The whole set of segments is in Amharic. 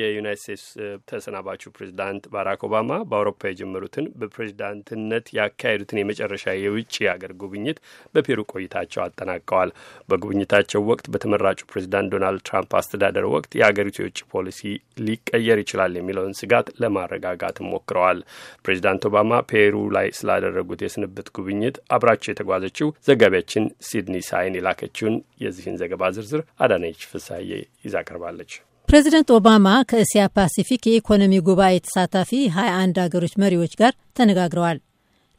የዩናይት ስቴትስ ተሰናባቹ ፕሬዚዳንት ባራክ ኦባማ በአውሮፓ የጀመሩትን በፕሬዚዳንትነት ያካሄዱትን የመጨረሻ የውጭ የአገር ጉብኝት በፔሩ ቆይታቸው አጠናቀዋል። በጉብኝታቸው ወቅት በተመራጩ ፕሬዚዳንት ዶናልድ ትራምፕ አስተዳደር ወቅት የአገሪቱ የውጭ ፖሊሲ ሊቀየር ይችላል የሚለውን ስጋት ለማረጋጋት ሞክረዋል። ፕሬዚዳንት ኦባማ ፔሩ ላይ ስላደረጉት የስንብት ጉብኝት አብራቸው የተጓዘችው ዘጋቢያችን ሲድኒ ሳይን የላከችውን የዚህን ዘገባ ዝርዝር አዳነች ፍሳዬ ይዛ ቀርባለች። ፕሬዚደንት ኦባማ ከእስያ ፓሲፊክ የኢኮኖሚ ጉባኤ ተሳታፊ 21 አገሮች መሪዎች ጋር ተነጋግረዋል።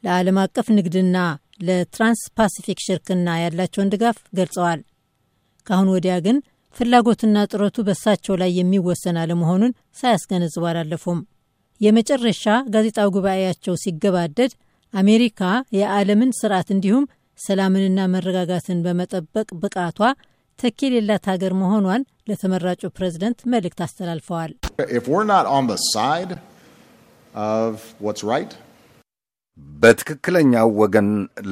ለዓለም አቀፍ ንግድና ለትራንስ ፓሲፊክ ሽርክና ያላቸውን ድጋፍ ገልጸዋል። ከአሁን ወዲያ ግን ፍላጎትና ጥረቱ በሳቸው ላይ የሚወሰን አለመሆኑን ሳያስገነዝቡ አላለፉም። የመጨረሻ ጋዜጣዊ ጉባኤያቸው ሲገባደድ አሜሪካ የዓለምን ስርዓት እንዲሁም ሰላምንና መረጋጋትን በመጠበቅ ብቃቷ ተኪ የሌላት ሀገር መሆኗን ለተመራጩ ፕሬዝደንት መልእክት አስተላልፈዋል። በትክክለኛው ወገን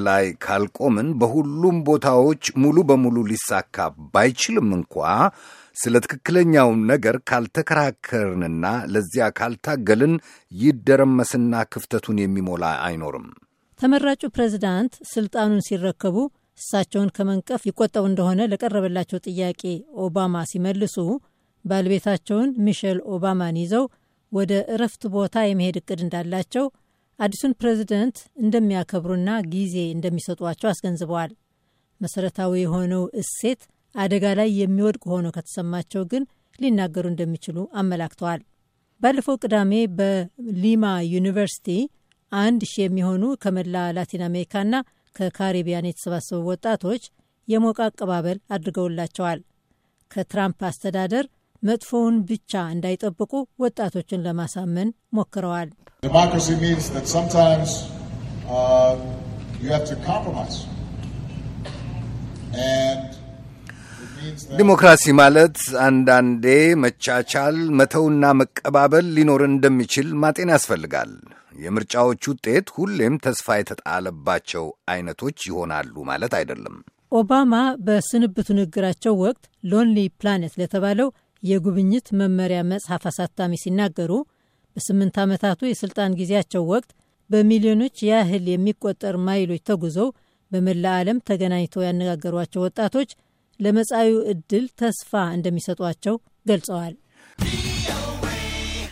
ላይ ካልቆምን በሁሉም ቦታዎች ሙሉ በሙሉ ሊሳካ ባይችልም እንኳ ስለ ትክክለኛው ነገር ካልተከራከርንና ለዚያ ካልታገልን ይደረመስና ክፍተቱን የሚሞላ አይኖርም። ተመራጩ ፕሬዝዳንት ስልጣኑን ሲረከቡ እሳቸውን ከመንቀፍ ይቆጠቡ እንደሆነ ለቀረበላቸው ጥያቄ ኦባማ ሲመልሱ ባለቤታቸውን ሚሼል ኦባማን ይዘው ወደ እረፍት ቦታ የመሄድ እቅድ እንዳላቸው አዲሱን ፕሬዚደንት እንደሚያከብሩና ጊዜ እንደሚሰጧቸው አስገንዝበዋል። መሰረታዊ የሆነው እሴት አደጋ ላይ የሚወድቅ ሆኖ ከተሰማቸው ግን ሊናገሩ እንደሚችሉ አመላክተዋል። ባለፈው ቅዳሜ በሊማ ዩኒቨርሲቲ አንድ ሺህ የሚሆኑ ከመላ ላቲን አሜሪካና ከካሪቢያን የተሰባሰቡ ወጣቶች የሞቀ አቀባበል አድርገውላቸዋል። ከትራምፕ አስተዳደር መጥፎውን ብቻ እንዳይጠብቁ ወጣቶችን ለማሳመን ሞክረዋል። ዲሞክራሲ ሚንስ ዛት ሰምታይምስ ዩ ሃቭ ቱ ኮምፕሮማይዝ ዲሞክራሲ ማለት አንዳንዴ መቻቻል፣ መተውና መቀባበል ሊኖር እንደሚችል ማጤን ያስፈልጋል። የምርጫዎች ውጤት ሁሌም ተስፋ የተጣለባቸው አይነቶች ይሆናሉ ማለት አይደለም። ኦባማ በስንብቱ ንግግራቸው ወቅት ሎንሊ ፕላኔት ለተባለው የጉብኝት መመሪያ መጽሐፍ አሳታሚ ሲናገሩ በስምንት ዓመታቱ የሥልጣን ጊዜያቸው ወቅት በሚሊዮኖች ያህል የሚቆጠር ማይሎች ተጉዘው በመላ ዓለም ተገናኝተው ያነጋገሯቸው ወጣቶች ለመጻዩ ዕድል ተስፋ እንደሚሰጧቸው ገልጸዋል።